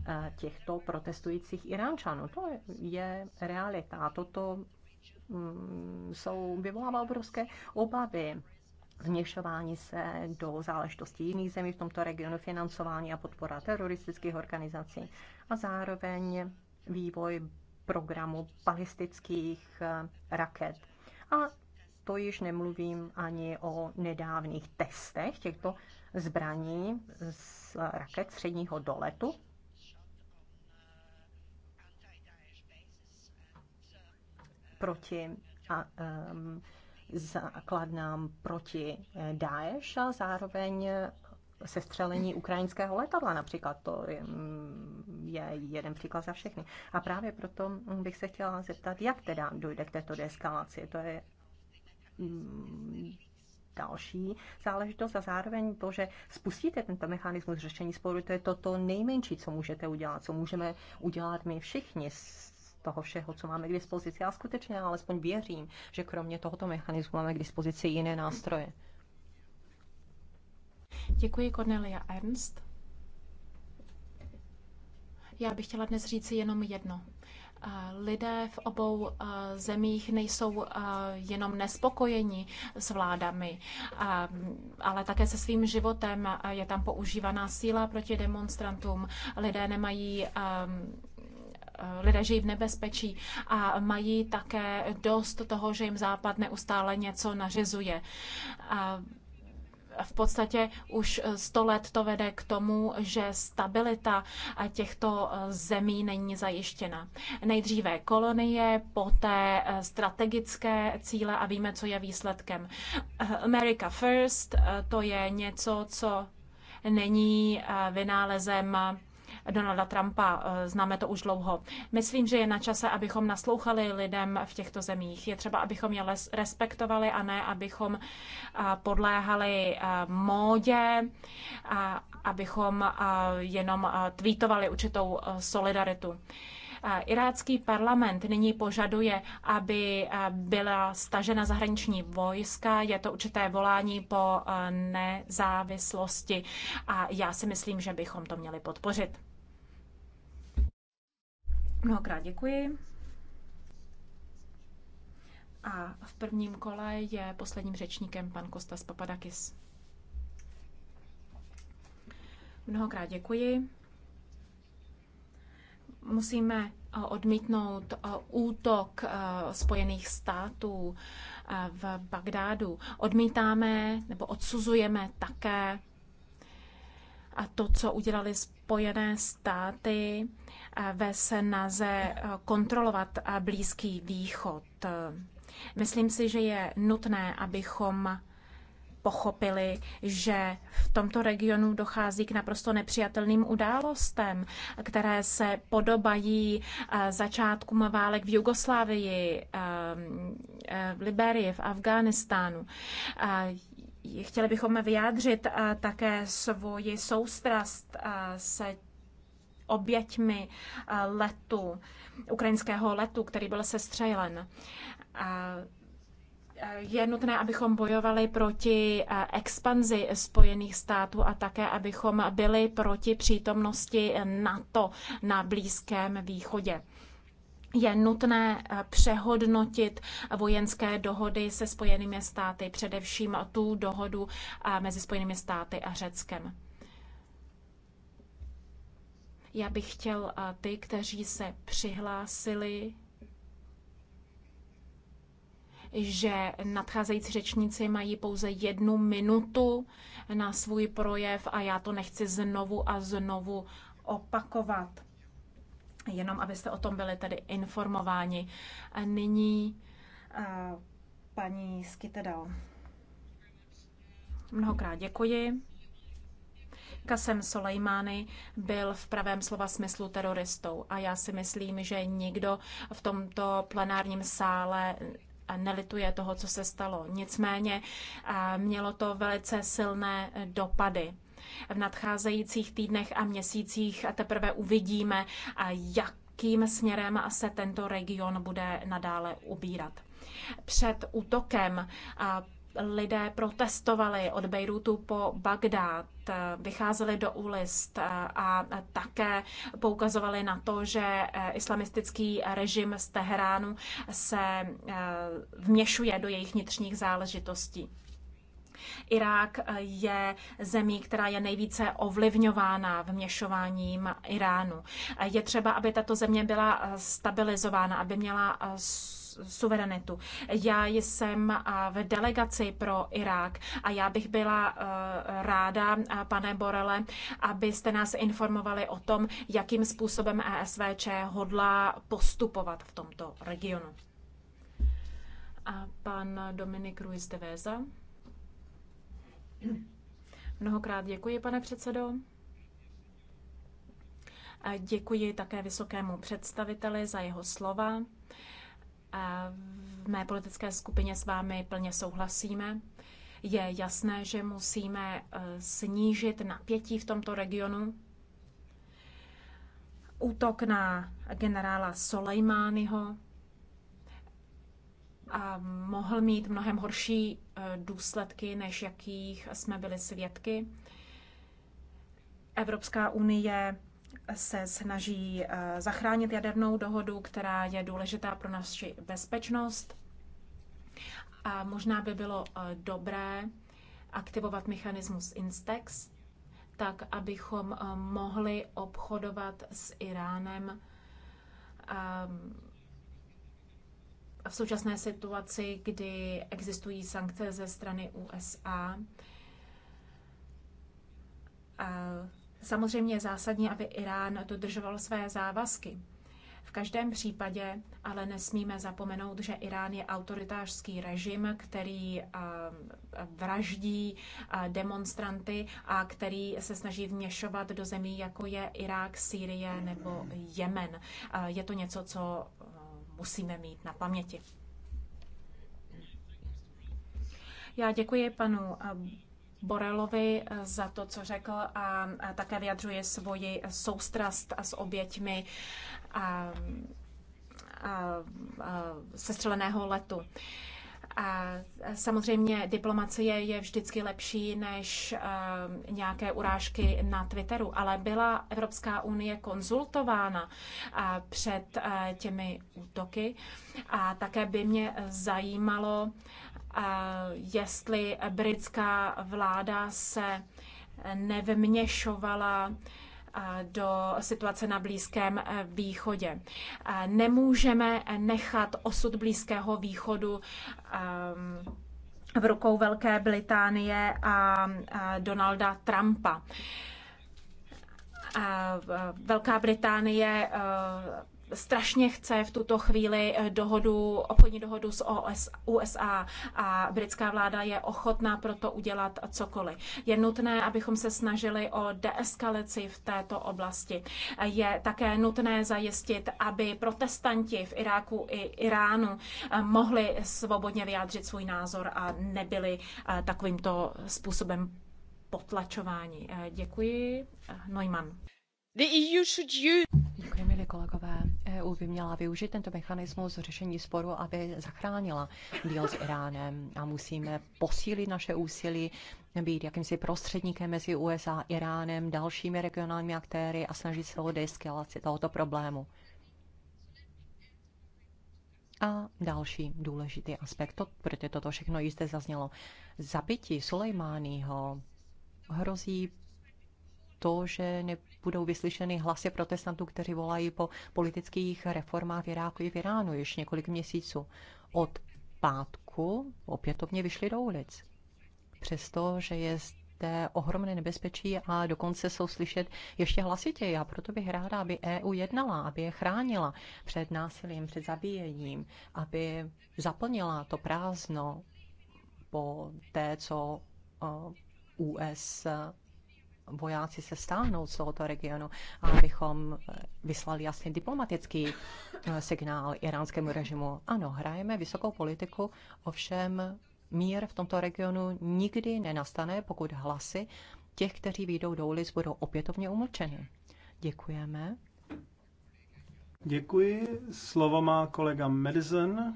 Eh, těchto protestujících Iránčanů. To je realita a toto mm, jsou, vyvolává obrovské obavy vměšování se do záležitostí jiných zemí v tomto regionu, financování a podpora teroristických organizací a zároveň vývoj programu balistických eh, raket. A to již nemluvím ani o nedávných testech těchto zbraní z raket středního doletu, proti a, um, základnám proti eh, Daesh a zároveň sestřelení ukrajinského letadla například. To je jeden příklad za všechny. A právě proto bych se chtěla zeptat, jak teda dojde k této deeskalaci. To je mm, další záležitost a zároveň to, že spustíte tento mechanismus řešení sporu, to je to, to nejmenší, co můžete udělat, co můžeme udělat my všichni s toho všeho, co máme k dispozici. Já skutečně alespoň věřím, že kromě tohoto mechanismu máme k dispozici jiné nástroje. Děkuji, Cornelia Ernst. Já bych chtěla dnes říci jenom jedno. Eh, lidé v obou eh, zemích nejsou eh, jenom nespokojeni s vládami, ale také se svým životem. Je tam používaná síla proti demonstrantům. Lidé nemají Eh, lidé žijí v nebezpečí a mají také dost toho, že jim Západ neustále něco nařizuje. A v podstatě už sto let to vede k tomu, že stabilita těchto zemí není zajištěna. Nejdříve kolonie, poté strategické cíle a víme, co je výsledkem. America First, to je něco, co není eh, vynálezem Donalda Trumpa. Eh, známe to už dlouho. Myslím, že je na čase, abychom naslouchali lidem v těchto zemích. Je třeba, abychom je respektovali a ne, abychom eh, podléhali eh, módě, abychom jenom tweetovali určitou solidaritu. Irácký parlament nyní požaduje, aby byla stažena zahraniční vojska. Je to určité volání po nezávislosti a já si myslím, že bychom to měli podpořit. Mnohokrát děkuji. A v prvním kole je posledním řečníkem pan Kostas Papadakis. Mnohokrát děkuji. Musíme eh, odmítnout eh, útok eh, Spojených států v Bagdádu. Odmítáme nebo odsuzujeme také a to, co udělali Spojené státy ve snaze eh, kontrolovat eh, Blízký východ. Eh, myslím si, že je nutné, abychom pochopili, že v tomto regionu dochází k naprosto nepřijatelným událostem, které se podobají začátkům válek v Jugoslávii, v Liberii, v Afghánistánu. Chtěli bychom vyjádřit také svoji soustrast se oběťmi eh, letu, ukrajinského letu, který byl sestřelen. Eh, je nutné, abychom bojovali proti eh, expanzi Spojených států a také, abychom byli proti přítomnosti NATO na Blízkém východě je nutné přehodnotit vojenské dohody se Spojenými státy, především tu dohodu mezi Spojenými státy a Řeckem. Já bych chtěl a ty, kteří se přihlásili, že nadcházející řečníci mají pouze jednu minutu na svůj projev a já to nechci znovu a znovu opakovat. Jenom abyste o tom byli tedy informováni. A nyní a paní Skytedal. Mnohokrát děkuji. Kasem Soleimani byl v pravém slova smyslu teroristou a já si myslím, že nikdo v tomto plenárním sále nelituje toho, co se stalo. Nicméně mělo to velice silné dopady. V nadcházejících týdnech a měsících teprve uvidíme, jakým směrem se tento region bude nadále ubírat. Před útokem lidé protestovali od Bejrutu po Bagdád, vycházeli do ulic eh, a také poukazovali na to, že eh, islamistický režim z Teheránu se eh, vměšuje do jejich vnitřních záležitostí. Irák je zemí, která je nejvíce ovlivňována vměšováním Iránu. Je třeba, aby tato země byla stabilizována, aby měla suverenitu. Já jsem eh, v delegaci pro Irák a já bych byla eh, ráda, eh, pane Borele, abyste nás informovali o tom, jakým způsobem ESVČ hodlá postupovat v tomto regionu. A pan Dominik Ruiz de Véza. Mnohokrát děkuji, pane předsedo. Děkuji také vysokému představiteli za jeho slova v mé politické skupině s vámi plně souhlasíme. Je jasné, že musíme eh, snížit napětí v tomto regionu. Útok na generála Soleimányho a mohl mít mnohem horší eh, důsledky, než jakých jsme byli svědky. Evropská unie se snaží eh, zachránit jadernou dohodu, která je důležitá pro naši bezpečnost. A možná by bylo eh, dobré aktivovat mechanismus Instex, tak abychom eh, mohli obchodovat s Iránem ehm, v současné situaci, kdy existují sankce ze strany USA Samozřejmě je zásadní, aby Irán dodržoval své závazky. V každém případě ale nesmíme zapomenout, že Irán je autoritářský režim, který vraždí demonstranty a který se snaží vměšovat do zemí, jako je Irák, Sýrie nebo Jemen. Je to něco, co musíme mít na paměti. Já děkuji panu Borelovi eh, za to, co řekl a eh, také vyjadřuje svoji soustrast s oběťmi a, a, a sestřeleného letu. A eh, samozřejmě diplomacie je vždycky lepší než nějaké urážky na Twitteru, ale byla Evropská unie konzultována před těmi útoky a také by mě zajímalo, jestli britská vláda se nevměšovala do situace na Blízkém e, východě. Nemůžeme nechat osud Blízkého východu ehm, v rukou Velké Británie a Donalda Trumpa. E, Velká Británie e, strašně chce v tuto chvíli eh, dohodu, obchodní dohodu s OS, USA a britská vláda je ochotná pro to udělat cokoliv. Je nutné, abychom se snažili o deeskalaci v této oblasti. Eh, je také nutné zajistit, aby protestanti v Iráku i Iránu eh, mohli svobodně vyjádřit svůj názor a nebyli takovýmto způsobem potlačování. Děkuji. Neumann. E Děkuji, milí kolegové. EU by měla využít tento mechanismus řešení sporu, aby zachránila díl s Iránem a musíme posílit naše úsilí být jakýmsi prostředníkem mezi USA, a Iránem, dalšími regionálními aktéry a snažit se o deeskalaci tohoto problému. A další důležitý aspekt, to, protože toto všechno jistě zaznělo, zabití Sulejmáního hrozí to, že nebudou vyslyšeny hlasy protestantů, kteří volají po politických reformách v Iráku i v Iránu již několik měsíců. Od pátku opětovně vyšli do ulic. Přesto, že je zde ohromné nebezpečí a dokonce jsou slyšet ještě hlasitěji. A proto bych ráda, aby EU jednala, aby je chránila před násilím, před zabíjením, aby zaplnila to prázdno po té, co eh, US vojáci se stáhnou z tohoto regionu a abychom eh, vyslali jasně diplomatický eh, signál iránskému režimu. Ano, hrajeme vysokou politiku, ovšem mír v tomto regionu nikdy nenastane, pokud hlasy těch, kteří výjdou do ulic, budou opětovně umlčeny. Děkujeme. Děkuji. Slovo má kolega Madison.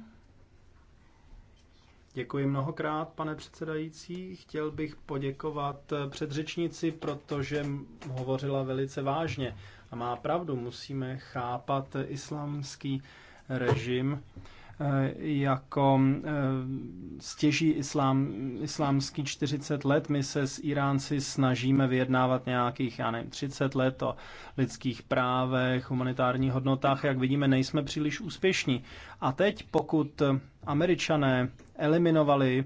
Děkuji mnohokrát, pane předsedající. Chtěl bych poděkovat předřečnici, protože hovořila velice vážně. A má pravdu, musíme chápat islámský režim Eh, jako eh, stěží islám, islámský 40 let. My se s Iránci snažíme vyjednávat nějakých, já nevím, 30 let o lidských právech, humanitárních hodnotách. Jak vidíme, nejsme příliš úspěšní. A teď, pokud američané eliminovali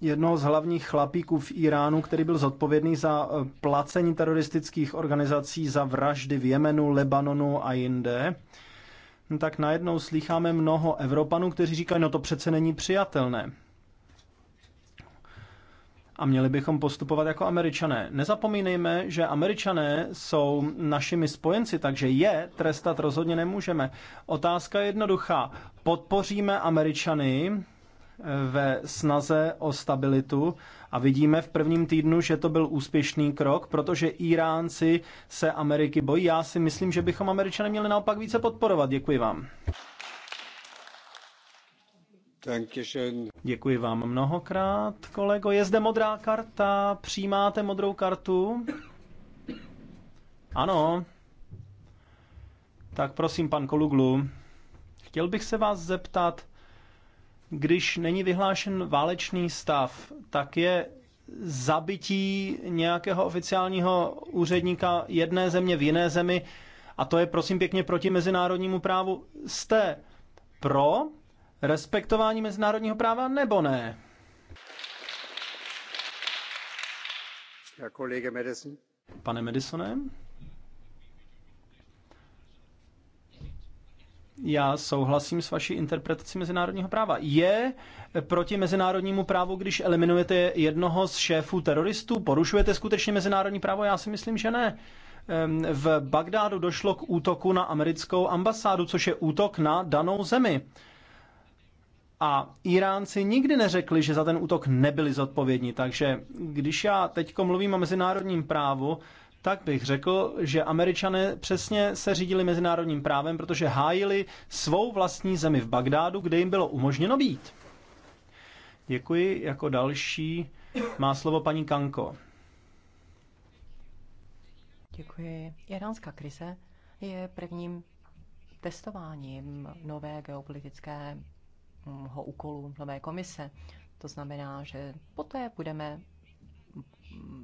jednoho z hlavních chlapíků v Iránu, který byl zodpovědný za eh, placení teroristických organizací za vraždy v Jemenu, Lebanonu a jinde, No tak najednou slycháme mnoho Evropanů, kteří říkají, no to přece není přijatelné. A měli bychom postupovat jako američané. Nezapomínejme, že američané jsou našimi spojenci, takže je trestat rozhodně nemůžeme. Otázka je jednoduchá. Podpoříme američany ve snaze o stabilitu a vidíme v prvním týdnu, že to byl úspěšný krok, protože Iránci se Ameriky bojí. Já si myslím, že bychom Američané měli naopak více podporovat. Děkuji vám. Děkuji vám mnohokrát, kolego. Je zde modrá karta. Přijímáte modrou kartu? Ano. Tak prosím, pan Koluglu, chtěl bych se vás zeptat, když není vyhlášen válečný stav, tak je zabití nějakého oficiálního úředníka jedné země v jiné zemi, a to je prosím pěkně proti mezinárodnímu právu, jste pro respektování mezinárodního práva nebo ne? Pane Madisone? Já souhlasím s vaší interpretací mezinárodního práva. Je proti mezinárodnímu právu, když eliminujete jednoho z šéfů teroristů? Porušujete skutečně mezinárodní právo? Já si myslím, že ne. V Bagdádu došlo k útoku na americkou ambasádu, což je útok na danou zemi. A Iránci nikdy neřekli, že za ten útok nebyli zodpovědní. Takže když já teď mluvím o mezinárodním právu, tak bych řekl, že američané přesně se řídili mezinárodním právem, protože hájili svou vlastní zemi v Bagdádu, kde jim bylo umožněno být. Děkuji. Jako další má slovo paní Kanko. Děkuji. Iránská krize je prvním testováním nové geopolitického úkolu, nové komise. To znamená, že poté budeme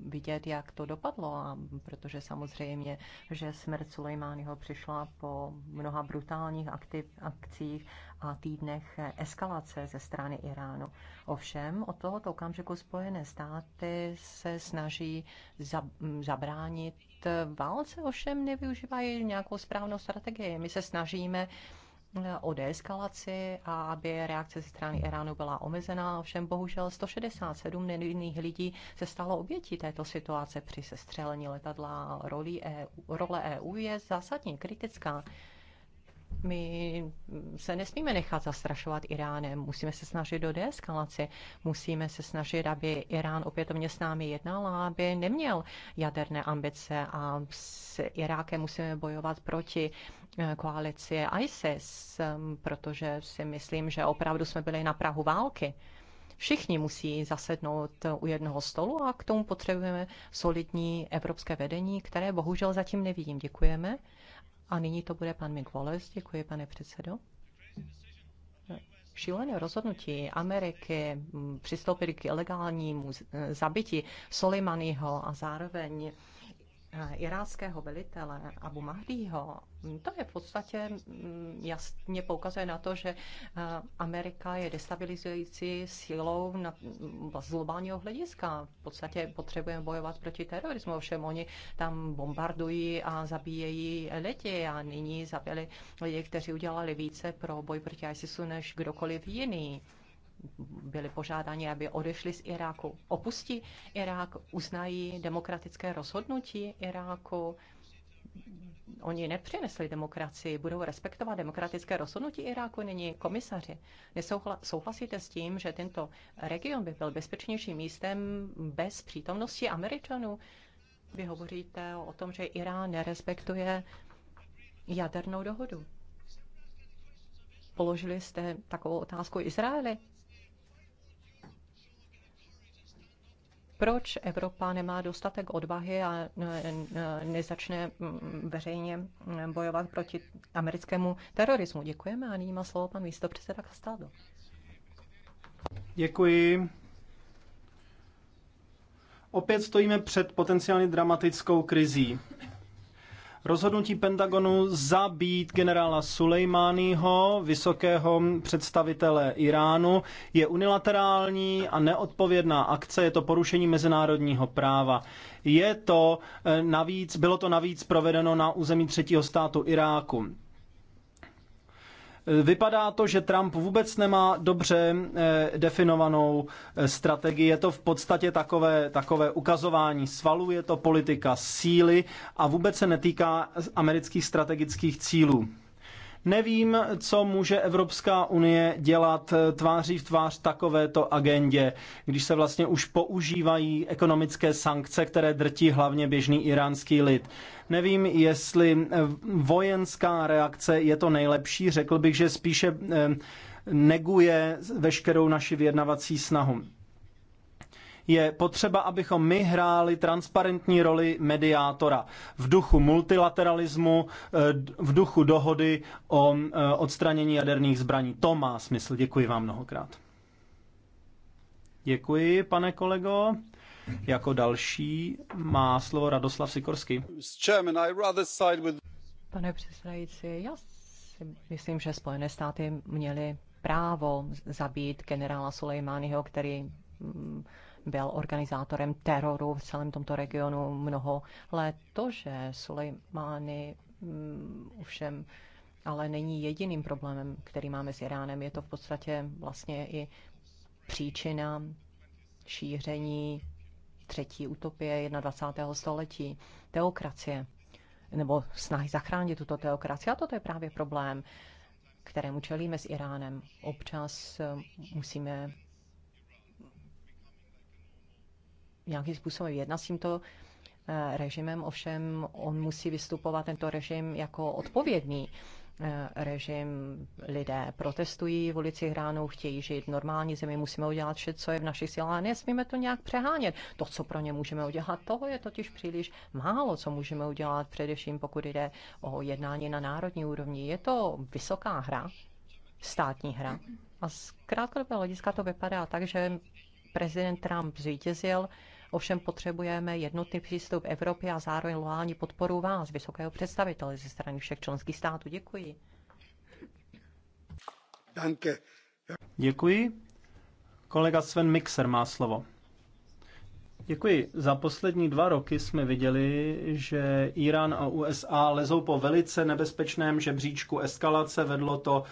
vidět, jak to dopadlo, a protože samozřejmě, že smrt Sulejmányho přišla po mnoha brutálních aktiv, akcích a týdnech eskalace ze strany Iránu. Ovšem, od tohoto okamžiku Spojené státy se snaží za, zabránit válce, ovšem nevyužívají nějakou správnou strategii. My se snažíme uh, o deeskalaci a aby reakce ze strany Iránu byla omezená. Ovšem bohužel 167 nevinných lidí se stalo obětí této situace při sestřelení letadla. Roli EU, role EU je zásadně kritická. My se nesmíme nechat zastrašovat Iránem, musíme se snažit do deeskalaci, musíme se snažit, aby Irán opětovně s námi jednal a aby neměl jaderné ambice a s Irákem musíme bojovat proti uh, Eh, koalici ISIS, eh, protože si myslím, že opravdu jsme byli na Prahu války. Všichni musí zasednout u jednoho stolu a k tomu potřebujeme solidní evropské vedení, které bohužel zatím nevidím. Děkujeme. A nyní to bude pan Mick Wallace. Děkuji, pane předsedo šílené rozhodnutí Ameriky mm, přistoupit k ilegálnímu eh, zabití Soleimaniho a zároveň Eh, iráckého velitele Abu Mahdiho, hm, to je v podstatě hm, jasně poukazuje na to, že eh, Amerika je destabilizující silou na, hm, z globálního hlediska. V podstatě potřebujeme bojovat proti terorismu, ovšem oni tam bombardují a zabíjejí lidi a nyní zabili lidi, kteří udělali více pro boj proti ISISu než kdokoliv jiný byli požádáni, aby odešli z Iráku. Opustí Irák, uznají demokratické rozhodnutí Iráku, oni nepřinesli demokracii, budou respektovat demokratické rozhodnutí Iráku, není komisaři. Nesouhlasíte s tím, že tento region by byl bezpečnějším místem bez přítomnosti Američanů? Vy hovoříte o tom, že Irán nerespektuje jadernou dohodu. Položili jste takovou otázku Izraeli? Proč Evropa nemá dostatek odvahy a nezačne mm, veřejně bojovat proti americkému terorismu? Děkujeme a nyní má slovo pan místopředseda Castaldo. Děkuji. Opět stojíme před potenciálně dramatickou krizí. Rozhodnutí Pentagonu zabít generála Sulejmányho, vysokého představitele Iránu, je unilaterální a neodpovědná akce, je to porušení mezinárodního práva. Je to eh, navíc, bylo to navíc provedeno na území třetího státu Iráku. Vypadá to, že Trump vůbec nemá dobře eh, definovanou eh, strategii. Je to v podstatě takové, takové ukazování svalů, je to politika síly a vůbec se netýká amerických strategických cílů. Nevím, co může Evropská unie dělat eh, tváří v tvář takovéto agendě, když se vlastně už používají ekonomické sankce, které drtí hlavně běžný iránský lid. Nevím, jestli eh, vojenská reakce je to nejlepší, řekl bych, že spíše eh, neguje veškerou naši vyjednavací snahu je potřeba, abychom my hráli transparentní roli mediátora v duchu multilateralismu, eh, v duchu dohody o eh, odstranění jaderných zbraní. To má smysl. Děkuji vám mnohokrát. Děkuji, pane kolego. Jako další má slovo Radoslav Sikorsky. Pane předsedající, já si myslím, že Spojené státy měly právo zabít generála Sulejmányho, který mm, byl organizátorem teroru v celém tomto regionu mnoho let. To, že Sulejmány mm, ovšem ale není jediným problémem, který máme s Iránem. Je to v podstatě vlastně i příčina šíření třetí utopie 21. století, teokracie, nebo snahy zachránit tuto teokracii. A toto je právě problém, kterému čelíme s Iránem. Občas eh, musíme nějakým způsobem jedna s tímto eh, režimem, ovšem on musí vystupovat tento režim jako odpovědný eh, režim. Lidé protestují v ulici Hránou, chtějí žít v normální zemi, musíme udělat vše, co je v našich silách, nesmíme to nějak přehánět. To, co pro ně můžeme udělat, toho je totiž příliš málo, co můžeme udělat, především pokud jde o jednání na národní úrovni. Je to vysoká hra, státní hra. A z krátkodobého hlediska to vypadá tak, že prezident Trump zvítězil, Ovšem potřebujeme jednotný přístup Evropy a zároveň loální podporu vás, vysokého představitele ze strany všech členských států. Děkuji. Danke. Děkuji. Kolega Sven Mixer má slovo. Děkuji. Za poslední dva roky jsme viděli, že Irán a USA lezou po velice nebezpečném žebříčku eskalace. Vedlo to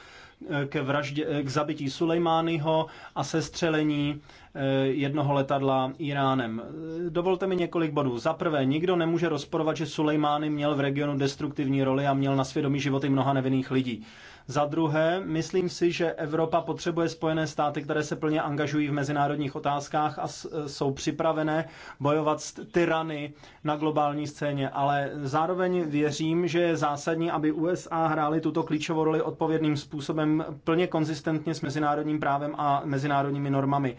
k, vraždě, k zabití Sulejmányho a sestřelení eh, jednoho letadla Iránem. Dovolte mi několik bodů. Za prvé, nikdo nemůže rozporovat, že Sulejmány měl v regionu destruktivní roli a měl na svědomí životy mnoha nevinných lidí. Za druhé, myslím si, že Evropa potřebuje spojené státy, které se plně angažují v mezinárodních otázkách a jsou připravené bojovat s tyrany na globální scéně, ale zároveň věřím, že je zásadní, aby USA hrály tuto klíčovou roli odpovědným způsobem, plně konzistentně s mezinárodním právem a mezinárodními normami.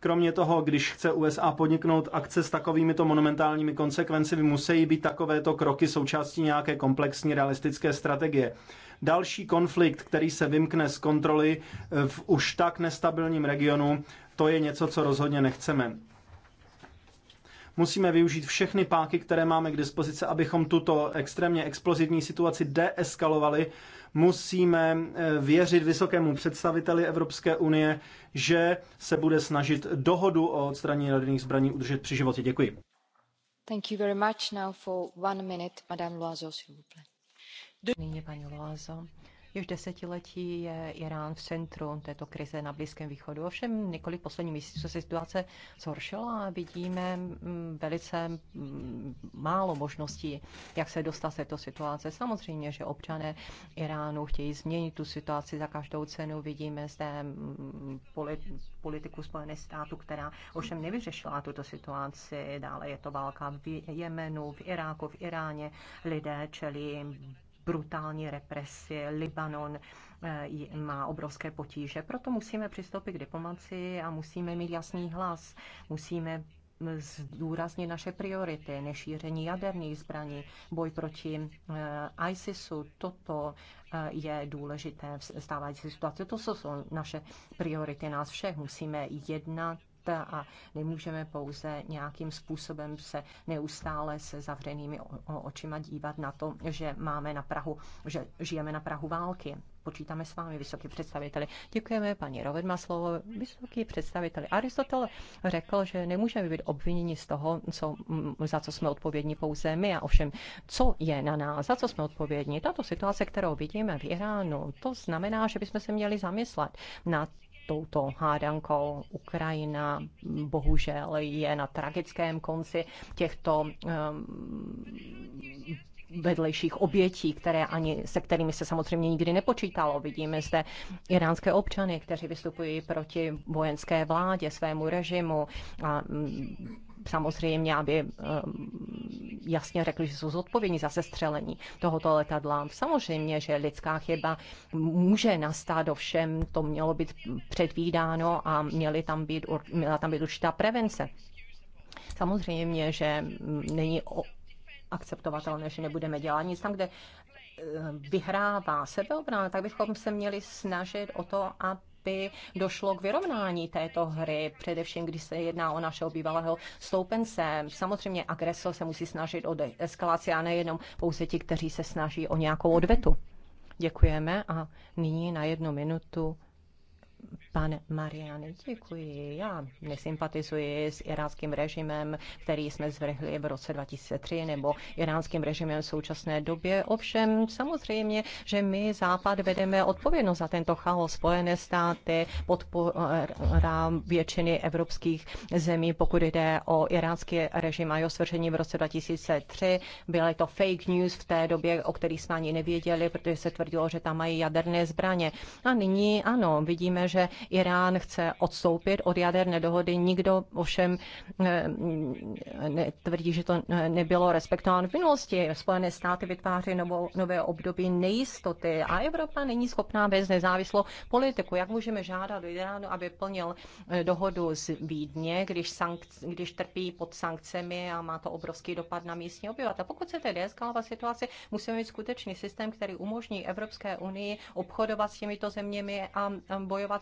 Kromě toho, když chce USA podniknout akce s takovýmito monumentálními konsekvencemi, musí být takovéto kroky součástí nějaké komplexní realistické strategie další konflikt, který se vymkne z kontroly eh, v už tak nestabilním regionu, to je něco, co rozhodně nechceme. Musíme využít všechny páky, které máme k dispozici, abychom tuto extrémně explozivní situaci deeskalovali. Musíme eh, věřit vysokému představiteli Evropské unie, že se bude snažit dohodu o odstranění jaderných zbraní udržet při životě. Děkuji. Thank you very much. Now for one minute, Madame Loiseau, Nyní paní Loazo. Již desetiletí je Irán v centru této krize na Blízkém východu. Ovšem několik posledních měsíců se situace zhoršila a vidíme mm, velice mm, málo možností, jak se dostat z této situace. Samozřejmě, že občané Iránu chtějí změnit tu situaci za každou cenu. Vidíme zde mm, politiku Spojených států, která ovšem nevyřešila tuto situaci. Dále je to válka v Jemenu, v Iráku, v Iráně. Lidé čelí brutální represi, Libanon eh, má obrovské potíže. Proto musíme přistoupit k diplomaci a musíme mít jasný hlas. Musíme mm, zdůraznit naše priority, nešíření jaderných zbraní, boj proti eh, ISISu, toto eh, je důležité v stávající situaci. To jsou naše priority nás všech. Musíme jednat a nemůžeme pouze nějakým způsobem se neustále se zavřenými očima dívat na to, že máme na Prahu, že žijeme na Prahu války. Počítáme s vámi, vysoký představiteli. Děkujeme paní slovo vysoký představiteli. Aristotel řekl, že nemůžeme být obviněni z toho, co, mm, za co jsme odpovědní pouze my a ovšem, co je na nás, za co jsme odpovědní. Tato situace, kterou vidíme v Iránu, to znamená, že bychom se měli zamyslet nad touto hádankou. Ukrajina mm, bohužel je na tragickém konci těchto ehm, vedlejších obětí, které ani, se kterými se samozřejmě nikdy nepočítalo. Vidíme zde iránské občany, kteří vystupují proti vojenské vládě, svému režimu a mm, samozřejmě, aby ehm, jasně řekli, že jsou zodpovědní za sestřelení tohoto letadla. Samozřejmě, že lidská chyba může nastat, ovšem to mělo být předvídáno a měly tam být, měla tam být určitá prevence. Samozřejmě, že není akceptovatelné, že nebudeme dělat nic tam, kde eh, vyhrává sebeobrana, tak bychom se měli snažit o to, aby by došlo k vyrovnání této hry, především když se jedná o našeho bývalého stoupence. Samozřejmě agresor se musí snažit o eskalaci a nejenom pouze ti, kteří se snaží o nějakou odvetu. Děkujeme a nyní na jednu minutu Pane Mariany, děkuji. Já nesympatizuji s iránským režimem, který jsme zvrhli v roce 2003, nebo iránským režimem v současné době. Ovšem, samozřejmě, že my Západ vedeme odpovědnost za tento chaos. Spojené státy podpora většiny evropských zemí, pokud jde o iránský režim a jeho svržení v roce 2003. Byly to fake news v té době, o kterých jsme ani nevěděli, protože se tvrdilo, že tam mají jaderné zbraně. A nyní, ano, vidíme, že Irán chce odstoupit od jaderné dohody. Nikdo ovšem eh, tvrdí, že to eh, nebylo respektováno v minulosti. Spojené státy vytváří novou, nové období nejistoty a Evropa není schopná bez nezávislou politiku. Jak můžeme žádat do Iránu, aby plnil eh, dohodu z Vídně, když, sankc, když trpí pod sankcemi a má to obrovský dopad na místní obyvatele. Pokud se tedy eskalová situaci, musíme mít skutečný systém, který umožní Evropské unii obchodovat s těmito zeměmi a bojovat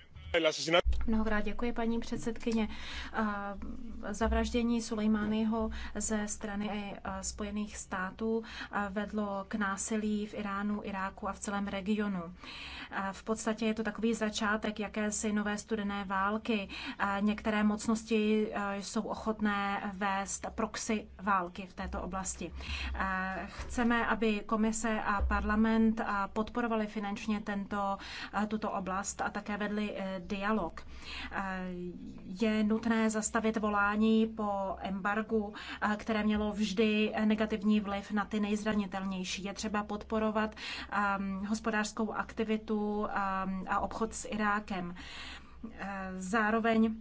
el asesinato de su hermano. Mnohokrát děkuji, paní předsedkyně. Eh, zavraždění Sulejmányho ze strany eh, Spojených států eh, vedlo k násilí v Iránu, Iráku a v celém regionu. V podstatě je to takový začátek jakési nové studené války. Některé mocnosti jsou ochotné vést proxy války v této oblasti. Chceme, aby komise a parlament podporovali finančně tento, tuto oblast a také vedli dialog. Je nutné zastavit volání po embargu, eh, které mělo vždy negativní vliv na ty nejzranitelnější. Je třeba podporovat ehm, hospodářskou aktivitu ehm, a obchod s Irákem. Eh, zároveň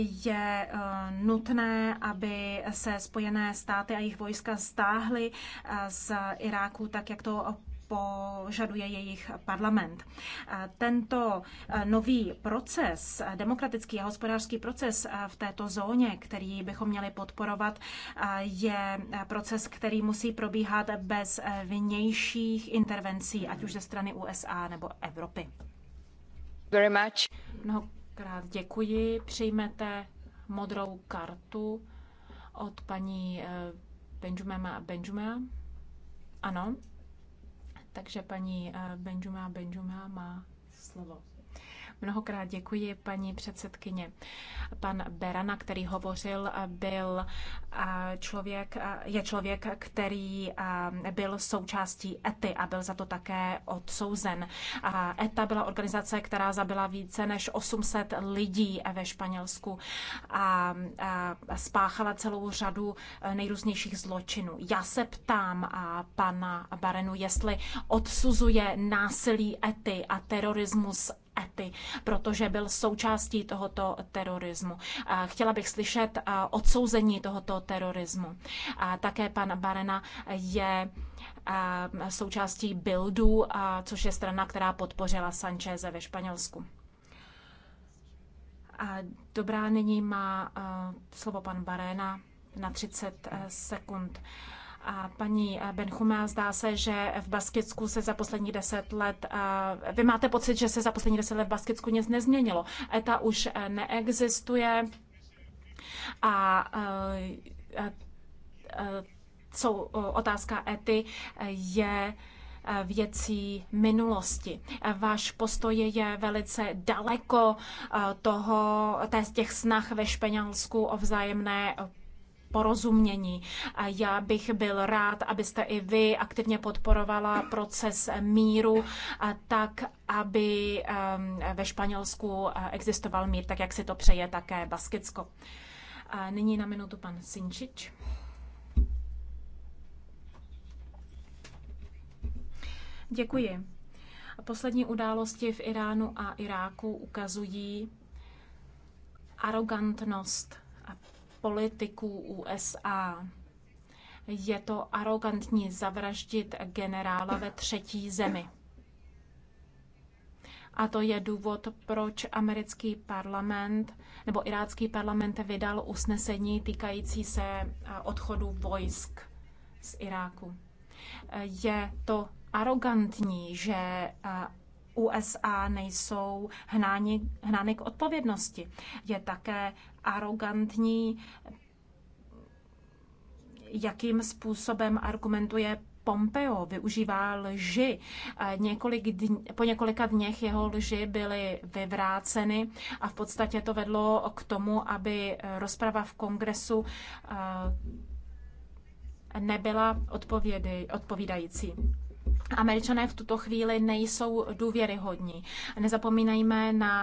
je eh, nutné, aby se Spojené státy a jejich vojska stáhly z Iráku, tak jak to požaduje jejich parlament. Tento nový proces, demokratický a hospodářský proces v této zóně, který bychom měli podporovat, je proces, který musí probíhat bez vnějších intervencí, ať už ze strany USA nebo Evropy. Very much. Mnohokrát děkuji. Přijmete modrou kartu od paní eh, Benjumema Benjumea. Ano. Takže paní Benjuma eh, Benjuma má slovo. Mnohokrát děkuji, paní předsedkyně. Pan Berana, který hovořil, byl člověk, je člověk, který byl součástí ETY a byl za to také odsouzen. ETA e byla organizace, která zabila více než 800 lidí ve Španělsku a spáchala celou řadu e, nejrůznějších zločinů. Já se ptám a pana Barenu, jestli odsuzuje násilí ety a terorismus ety, protože byl součástí tohoto terorismu. Chtěla bych slyšet odsouzení tohoto terorismu. Také pan Barena je součástí Bildu, což je strana, která podpořila Sancheze ve Španělsku. A dobrá, nyní má slovo pan Barena na 30 e, sekund. A paní Benchumá, zdá se, že v Baskicku se za poslední deset let, vy máte pocit, že se za poslední deset let v Baskicku nic nezměnilo. ETA už eh, neexistuje a, co eh, eh, otázka ety je věcí minulosti. Váš postoj je velice daleko toho, těch snah ve Španělsku o vzájemné porozumění. Já bych byl rád, abyste i vy aktivně podporovala proces míru, tak aby ve Španělsku eh, existoval mír, tak jak si to přeje také Baskicko. A nyní na minutu pan Sinčič. Děkuji. Poslední události v Iránu a Iráku ukazují arrogantnost politiků USA. Je to arrogantní zavraždit generála ve třetí zemi. A to je důvod, proč americký parlament nebo irácký parlament vydal usnesení týkající se eh, odchodu vojsk z Iráku. Eh, je to arrogantní, že eh, USA nejsou hnáni, hnány k odpovědnosti. Je také arrogantní, jakým způsobem argumentuje Pompeo využívá lži. Několik dní, po několika dněch jeho lži byly vyvráceny a v podstatě to vedlo k tomu, aby rozprava v kongresu nebyla odpovědy, odpovídající. Američané v tuto chvíli nejsou důvěryhodní. Nezapomínejme na